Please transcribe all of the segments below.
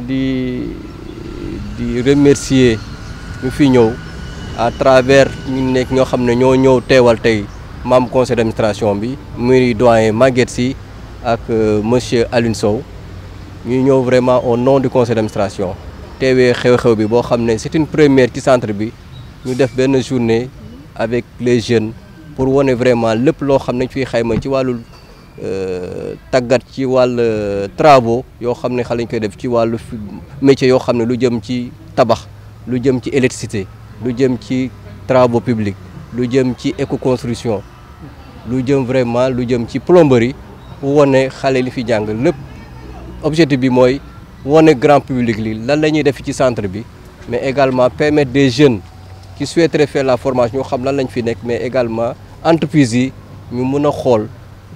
di di remercier ñu fi ñëw à travers ñu nek ño xamné ño ñoo ñëw teewal tey conseil d'administration bi muy doyen Maguette ak euh, monsieur Alioune Sow ñu ñëw vraiment au nom du conseil d'administration teewee xew-xew bi bo xamné c'est une première ci centre bi ñu def ben journée avec les jeunes pour wane vraiment lepp lo xamné ci xayma ci walu euh, tagat ci wal euh, travaux yo xamné ne xale koy def ci wal métier yo xamné lu jëm ci tabax lu jëm ci électricité lu jëm ci travaux publics lu jëm ci éco-construction lu jëm vraiment lu jëm ci plomberie woné xalé li fi jàng lépp objectif bi moy woné grand public li lan lañuy def ci centre bi mais également permettre des jeunes qui souhaiteraient faire la formation ñu xam lan lañ fi nek mais également entreprise yi ñu mëna xol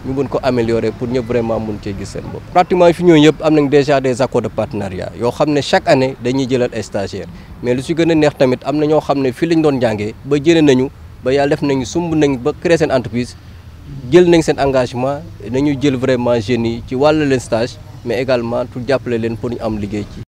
ñu mën ko améliorer pour ñëpp vraiment mun cee gis seen bopp. pratiquement fi ñooñu yëpp am nañ déjà des accords de partenariat yoo xam ne chaque année dañuy jëlal ay mais lu si gën a neex tamit am na ñoo xam ne fii lañ doon jàngee ba jëlee nañu ba yàlla def nañu sumb nañu ba créer seen entreprise jël nañ seen engagement nañu jël vraiment jeunes yi ci wàllu leen stage mais également pour jàppale leen pour ñu am liggéey ci.